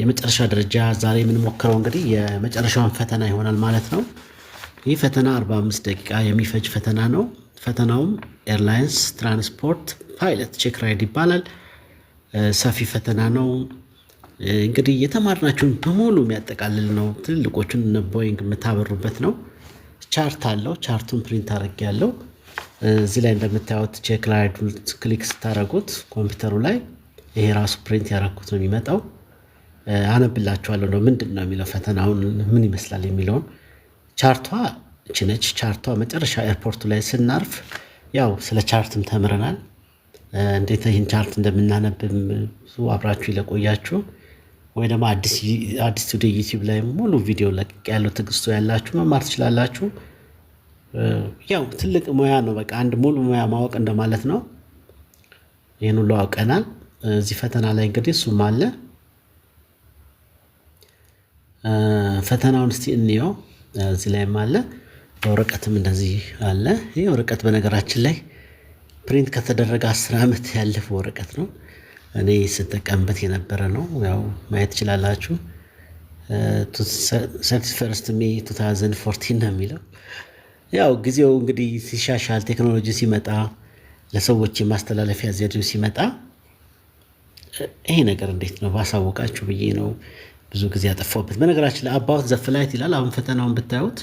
የመጨረሻ ደረጃ ዛሬ የምንሞክረው እንግዲህ የመጨረሻውን ፈተና ይሆናል ማለት ነው። ይህ ፈተና 45 ደቂቃ የሚፈጅ ፈተና ነው። ፈተናውም ኤርላይንስ ትራንስፖርት ፓይለት ቼክ ራይድ ይባላል። ሰፊ ፈተና ነው። እንግዲህ የተማርናችሁን በሙሉ የሚያጠቃልል ነው። ትልልቆቹን እነ ቦይንግ የምታበሩበት ነው። ቻርት አለው። ቻርቱን ፕሪንት አድርጌ ያለው እዚህ ላይ እንደምታዩት ቼክ ራይድ ክሊክ ስታደረጉት ኮምፒውተሩ ላይ ይሄ ራሱ ፕሪንት ያደረኩት ነው የሚመጣው አነብላችኋለሁ ነው ምንድን ነው የሚለው ፈተናውን ምን ይመስላል የሚለውን ቻርቷ ችነች ቻርቷ መጨረሻ ኤርፖርቱ ላይ ስናርፍ ያው ስለ ቻርትም ተምረናል። እንዴት ይህን ቻርት እንደምናነብም ብዙ አብራችሁ ይለቆያችሁ ወይ ደግሞ አዲስ ቱደ ዩቲብ ላይ ሙሉ ቪዲዮ ለቅቅ ያለው ትግስቶ ያላችሁ መማር ትችላላችሁ። ያው ትልቅ ሙያ ነው። በቃ አንድ ሙሉ ሙያ ማወቅ እንደማለት ነው። ይህን ሁሉ አውቀናል። እዚህ ፈተና ላይ እንግዲህ እሱም አለ። ፈተናውን እስቲ እንየው። እዚህ ላይም አለ፣ በወረቀትም እንደዚህ አለ። ይህ ወረቀት በነገራችን ላይ ፕሪንት ከተደረገ አስር ዓመት ያለፈ ወረቀት ነው። እኔ ስጠቀምበት የነበረ ነው። ያው ማየት ትችላላችሁ። ሰርቲ ፈርስት ሜ 2014 ነው የሚለው። ያው ጊዜው እንግዲህ ሲሻሻል ቴክኖሎጂ ሲመጣ ለሰዎች የማስተላለፊያ ዘዴው ሲመጣ ይሄ ነገር እንዴት ነው ባሳወቃችሁ ብዬ ነው ብዙ ጊዜ ያጠፋውበት። በነገራችን ላይ አባውት ዘ ፍላይት ይላል። አሁን ፈተናውን ብታዩት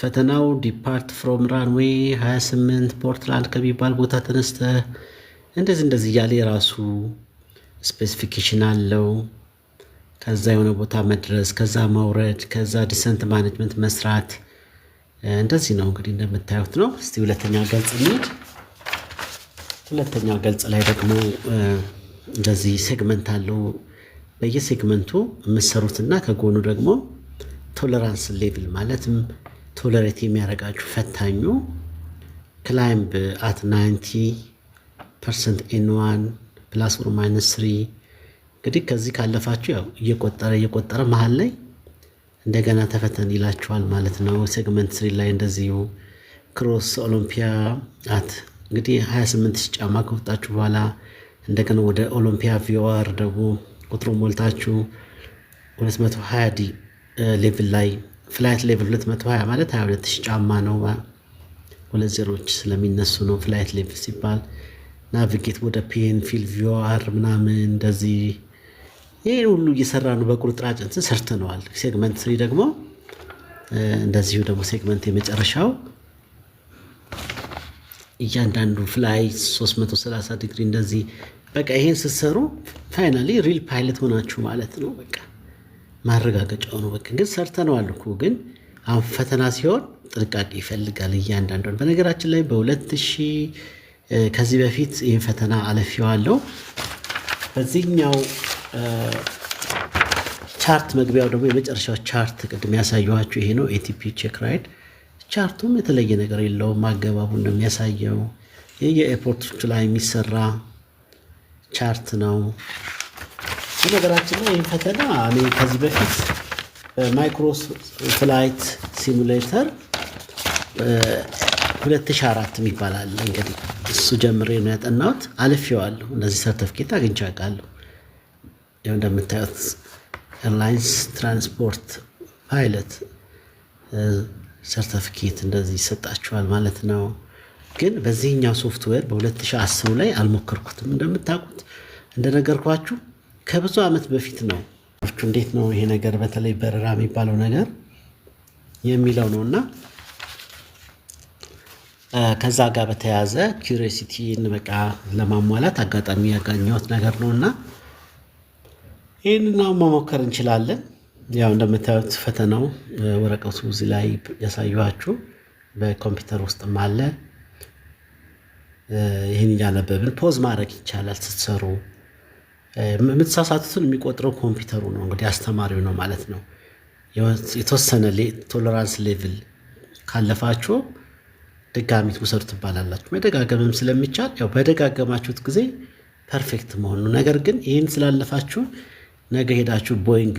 ፈተናው ዲፓርት ፍሮም ራንዌይ 28 ፖርትላንድ ከሚባል ቦታ ተነስተ እንደዚህ እንደዚህ እያለ የራሱ ስፔሲፊኬሽን አለው። ከዛ የሆነ ቦታ መድረስ፣ ከዛ መውረድ፣ ከዛ ዲሰንት ማኔጅመንት መስራት እንደዚህ ነው እንግዲህ እንደምታዩት ነው። እስቲ ሁለተኛ ገልጽ እንሂድ። ሁለተኛ ገልጽ ላይ ደግሞ እንደዚህ ሴግመንት አለው። በየሴግመንቱ የምትሰሩትና ከጎኑ ደግሞ ቶለራንስ ሌቭል ማለትም ቶለሬት የሚያረጋችሁ ፈታኙ ክላይምብ አት 90 ፐርሰንት ኤንዋን ፕላስ ኦር ማይነስ ስሪ እንግዲህ ከዚህ ካለፋችሁ ያው እየቆጠረ እየቆጠረ መሀል ላይ እንደገና ተፈተን ይላችኋል ማለት ነው። ሴግመንት ስሪ ላይ እንደዚሁ ክሮስ ኦሎምፒያ አት እንግዲህ 28 ሺህ ጫማ ከወጣችሁ በኋላ እንደገና ወደ ኦሎምፒያ ቪዋር ደግሞ ቁጥሩ ሞልታችሁ 220 ዲ ሌቭል ላይ ፍላይት ሌቭል 220 ማለት 22 ጫማ ነው። ሁለት ዜሮች ስለሚነሱ ነው ፍላይት ሌቭል ሲባል። ናቪጌት ወደ ፔንፊል ቪኦአር ምናምን እንደዚህ ይህ ሁሉ እየሰራ ነው። በቁርጥራጭ እንትን ሰርተነዋል። ሴግመንት ስሪ ደግሞ እንደዚሁ ደግሞ ሴግመንት የመጨረሻው እያንዳንዱ ፍላይ 330 ዲግሪ እንደዚህ በቃ ይሄን ስትሰሩ ፋይናሊ ሪል ፓይለት ሆናችሁ ማለት ነው። በቃ ማረጋገጫው ነው። በቃ ግን ሰርተነዋል እኮ ግን አሁን ፈተና ሲሆን ጥንቃቄ ይፈልጋል እያንዳንዷን። በነገራችን ላይ በሁለት ሺህ ከዚህ በፊት ይህን ፈተና አለፊዋለሁ። በዚህኛው ቻርት መግቢያው ደግሞ የመጨረሻው ቻርት ቅድም ያሳየኋችሁ ይሄ ነው። ኤቲፒ ቼክ ራይድ ቻርቱም የተለየ ነገር የለውም። አገባቡን ነው የሚያሳየው። ላይ የሚሰራ ቻርት ነው። በነገራችን ላይ ይህ ፈተና እኔ ከዚህ በፊት ማይክሮ ፍላይት ሲሙሌተር 2004 ይባላል እንግዲህ እሱ ጀምሬ ነው ያጠናሁት። አልፌዋለሁ። እነዚህ ሰርተፍኬት አግኝቼ አውቃለሁ። ይ እንደምታዩት ኤርላይንስ ትራንስፖርት ፓይለት ሰርተፍኬት እንደዚህ ይሰጣችኋል ማለት ነው። ግን በዚህኛው ሶፍትዌር በ2010 ላይ አልሞከርኩትም። እንደምታውቁት እንደነገርኳችሁ ከብዙ ዓመት በፊት ነው። እንዴት ነው ይሄ ነገር በተለይ በረራ የሚባለው ነገር የሚለው ነው እና ከዛ ጋር በተያያዘ ኪሪሲቲን በቃ ለማሟላት አጋጣሚ ያገኘሁት ነገር ነው እና ይህንን መሞከር እንችላለን። ያው እንደምታዩት ፈተናው ወረቀቱ እዚህ ላይ ያሳየኋችሁ በኮምፒውተር ውስጥም አለ። ይህን እያነበብን ፖዝ ማድረግ ይቻላል። ስትሰሩ የምትሳሳቱትን የሚቆጥረው ኮምፒውተሩ ነው፣ እንግዲህ አስተማሪው ነው ማለት ነው። የተወሰነ ቶለራንስ ሌቭል ካለፋችሁ ድጋሚት ውሰዱ ትባላላችሁ። መደጋገምም ስለሚቻል ያው በደጋገማችሁት ጊዜ ፐርፌክት መሆኑ ነገር ግን ይህን ስላለፋችሁ ነገ ሄዳችሁ ቦይንግ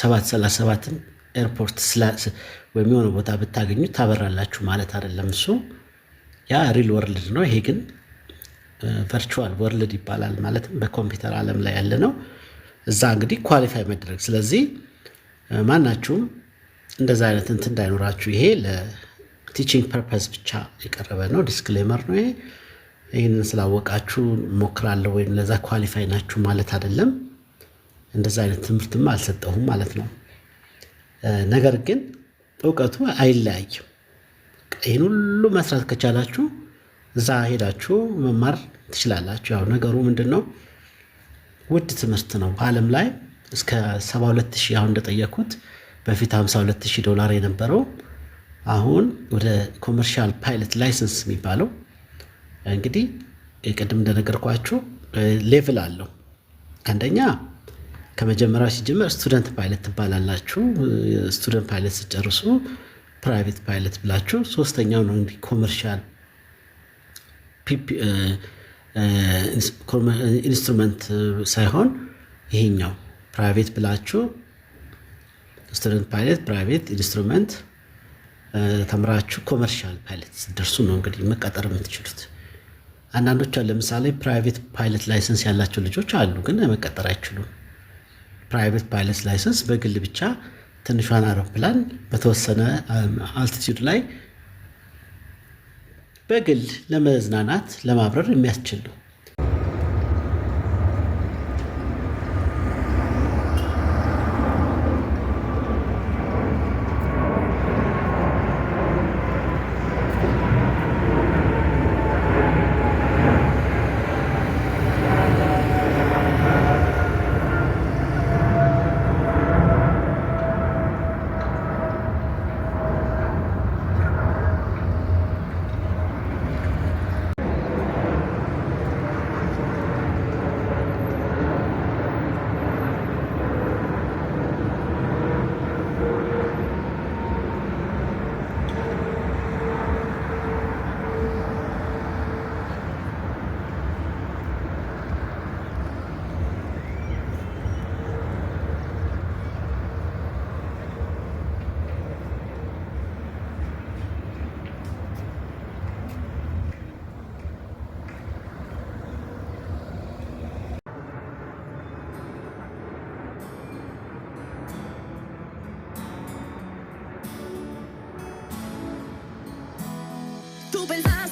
ሰባት ሰላሳ ሰባትን ኤርፖርት ወይም የሆነ ቦታ ብታገኙ ታበራላችሁ ማለት አይደለም። እሱ ያ ሪል ወርልድ ነው። ይሄ ግን ቨርቹዋል ወርልድ ይባላል። ማለትም በኮምፒውተር ዓለም ላይ ያለ ነው። እዛ እንግዲህ ኳሊፋይ መድረግ ስለዚህ ማናችሁም እንደዛ አይነት እንትን እንዳይኖራችሁ። ይሄ ለቲቺንግ ፐርፐዝ ብቻ የቀረበ ነው። ዲስክሌመር ነው ይሄ። ይህንን ስላወቃችሁ ሞክራለሁ ወይም ለዛ ኳሊፋይ ናችሁ ማለት አይደለም። እንደዛ አይነት ትምህርትም አልሰጠሁም ማለት ነው። ነገር ግን እውቀቱ አይለያይም። ይህን ሁሉ መስራት ከቻላችሁ እዛ ሄዳችሁ መማር ትችላላችሁ። ያው ነገሩ ምንድን ነው? ውድ ትምህርት ነው። በዓለም ላይ እስከ 72 ሺህ አሁን እንደጠየኩት በፊት 52 ሺህ ዶላር የነበረው አሁን ወደ ኮመርሻል ፓይለት ላይሰንስ የሚባለው እንግዲህ ቅድም እንደነገርኳችሁ ሌቭል አለው አንደኛ ከመጀመሪያው ሲጀመር ስቱደንት ፓይለት ትባላላችሁ። ስቱደንት ፓይለት ሲጨርሱ ፕራይቬት ፓይለት ብላችሁ፣ ሶስተኛው ነው እንግዲህ ኮመርሻል ኢንስትሩመንት ሳይሆን ይሄኛው ፕራይቬት ብላችሁ ስቱደንት ፓይለት፣ ፕራይቬት ኢንስትሩመንት ተምራችሁ ኮመርሻል ፓይለት ስትደርሱ ነው እንግዲህ መቀጠር የምትችሉት። አንዳንዶች ለምሳሌ ፕራይቬት ፓይለት ላይሰንስ ያላቸው ልጆች አሉ፣ ግን መቀጠር አይችሉም። ፕራይቬት ፓይለት ላይሰንስ በግል ብቻ ትንሿን አውሮፕላን በተወሰነ አልቲቲዩድ ላይ በግል ለመዝናናት ለማብረር የሚያስችል ነው። tú pensás